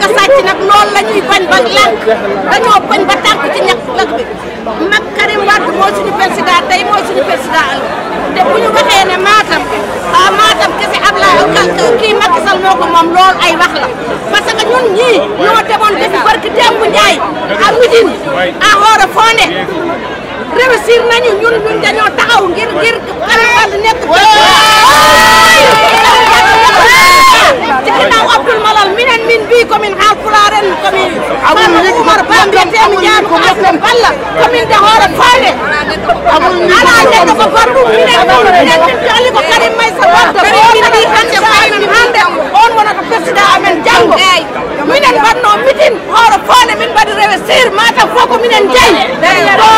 ak a nag loolu la ñuy bañ ba lànk dañoo bañ ba tànk ci ñax lëkk bi mag Karim Wade mooy suñu président tey mooy suñu président ëllëg te bu ñu waxee ne Matam ah Matam kese Ablaye kii Macky Sall moo ko moom loolu ay wax la parce ñun ñii ñoo demoon defi barki démb Ndiaye à Midine à Hoore Fondé réussir nañu. bi commune halpularen commune amul nit umar bambe tem jam ko aslam balla commune de hoore faare amul nit ala ne ko fardu mi ne ko ne tali ko karim may sa wadda ko ni hande fayni hande on wona ko president amen jango minen banno mitin hoore faare min badi rewe sir mata foko minen jayi